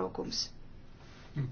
trūkums. Mm.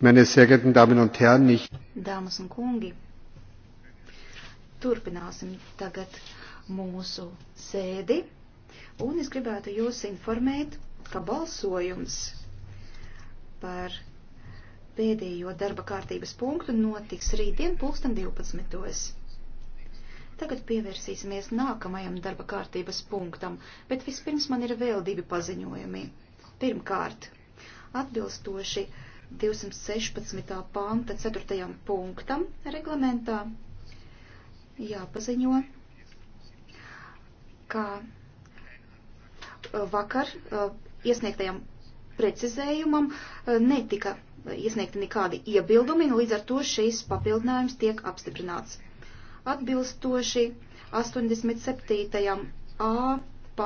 Meine sehr geehrten Damen und Herren, ich. Dāmas un kungi, turpināsim tagad mūsu sēdi, un es gribētu jūs informēt, ka balsojums par pēdējo darba kārtības punktu notiks rītdien pulksten 12. Tagad pievērsīsimies nākamajam darba kārtības punktam, bet vispirms man ir vēl divi paziņojumi. Pirmkārt, atbilstoši 216. panta 4. punktam reglamentā jāpaziņo, ka uh, vakar uh, iesniegtajam precizējumam uh, netika iesniegti nekādi iebildumi, un līdz ar to šīs papildinājums tiek apstiprināts. Atbilstoši 87. a